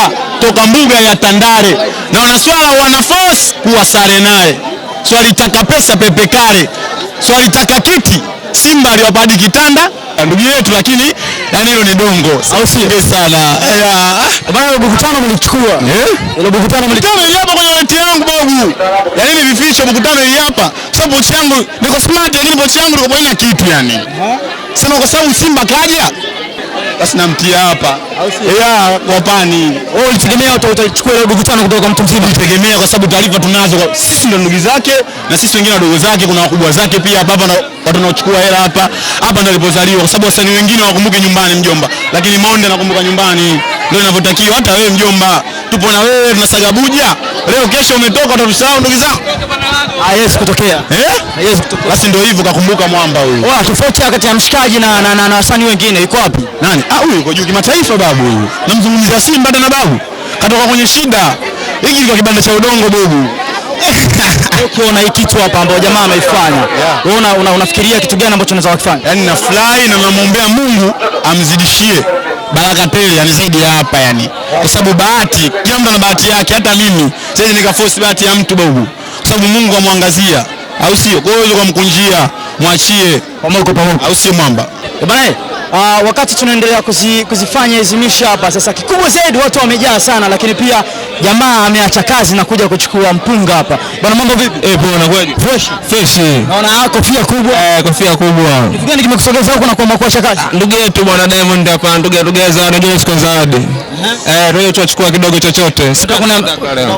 Simba toka mbuga ya Tandare. na wanaswala wanaforce kuwa sare naye swalitaka pesa pepe kale swalitaka kiti Simba aliwapadi kitanda ndugu yetu, lakini yani hilo ni dongo, au sio sana bana? Eh, mkutano mlichukua eh? ile mkutano mlikutana ile hapa kwenye leti yangu bogu, yani ni vificho mkutano ile hapa, sababu pochi yangu niko smart, lakini pochi yangu niko boina kitu yani, eh? sema kwa sababu Simba kaja basi namtia hapa wapani. Ulitegemea utachukua ile ndugu tano kutoka kwa mtu mzima? Nitegemea kwa sababu taarifa tunazo, sisi ndo ndugu zake na sisi wengine wadogo zake, kuna wakubwa zake pia hapa hapa, watu wanaochukua hela hapa hapa ndo alipozaliwa, kwa sababu wasanii wengine wakumbuke nyumbani mjomba, lakini Monde anakumbuka nyumbani, ndio inavyotakiwa. Hata wewe mjomba, tupo na wewe, tunasagabuja leo, kesho umetoka, utatusahau ndugu zako haiwezi kutokea eh? haiwezi kutokea. Basi ndio hivyo, kakumbuka mwamba huyu. Oh, tofauti kati ya mshikaji na na, na, na wasanii wengine iko wapi? Nani? Ah, huyu yuko juu kimataifa babu huyu. Namzungumzia Simba na babu. Katoka kwenye shida. Hiki kilikuwa kibanda cha udongo babu. Ukiona hiki kitu hapa ambao jamaa ameifanya. Wewe una, una unafikiria kitu gani ambacho unaweza kufanya? Yaani na fly na namwombea Mungu amzidishie Baraka tele yani zaidi ya hapa yani. Kwa sababu bahati, kila mtu ana bahati yake hata mimi. Sasa nikaforce bahati ya mtu babu sababu Mungu amwangazia, au sio? Kwa hiyo kumkunjia, mwachie, au sio mwamba eh, bwana. Uh, wakati tunaendelea kuzi, kuzifanya hizi misha hapa sasa, kikubwa zaidi watu wamejaa sana, lakini pia jamaa ameacha kazi na kuja kuchukua mpunga hapa. Bwana mambo vipi? Eh, bwana kweli. Fresh. Fresh. Naona kofia kubwa. Eh, kofia kubwa. Kitu gani kimekusogeza huko na kwa kuacha kazi? Ndugu yetu bwana Diamond hapa, ndugu yetu Geza na Jones Kozadi. Eh, leo tutachukua kidogo chochote. Sasa kuna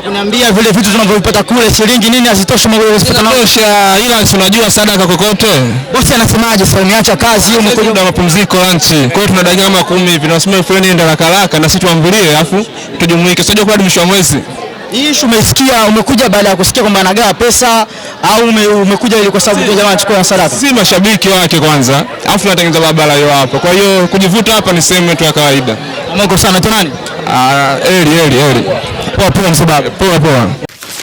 kuniambia vile vitu tunavyopata kule shilingi nini hazitoshi mabwe sasa. tosha, ila si unajua sadaka kokote. Bosi anasemaje sasa umeacha kazi hiyo mko muda mapumziko lunch. Kwa hiyo tuna tunadanganya kama 10 hivi. Tunasema fulani ndio haraka haraka na sisi tuambulie afu tujumuike. Sio kwa hadi mwisho mwezi. Hii issue umesikia, umekuja baada ya kusikia kwamba anagawa pesa au umekuja ili kwa sababu tu jamaa achukue sadaka? Si mashabiki wake kwanza, afu natengeneza barabara hiyo hapo. Kwa hiyo kujivuta hapa ni sehemu tu ya kawaida. Mko sana tu nani? Ah, Eli Eli Eli. Poa poa msababu. Poa poa.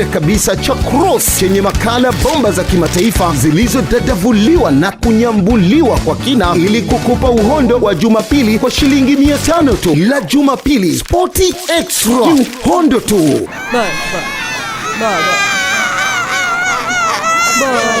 bure kabisa cha Cross chenye makala bomba za kimataifa zilizodadavuliwa na kunyambuliwa kwa kina ili kukupa uhondo wa Jumapili kwa shilingi mia tano tu. La Jumapili Sporty Extra, uhondo tu ba, ba, ba, ba. Ba.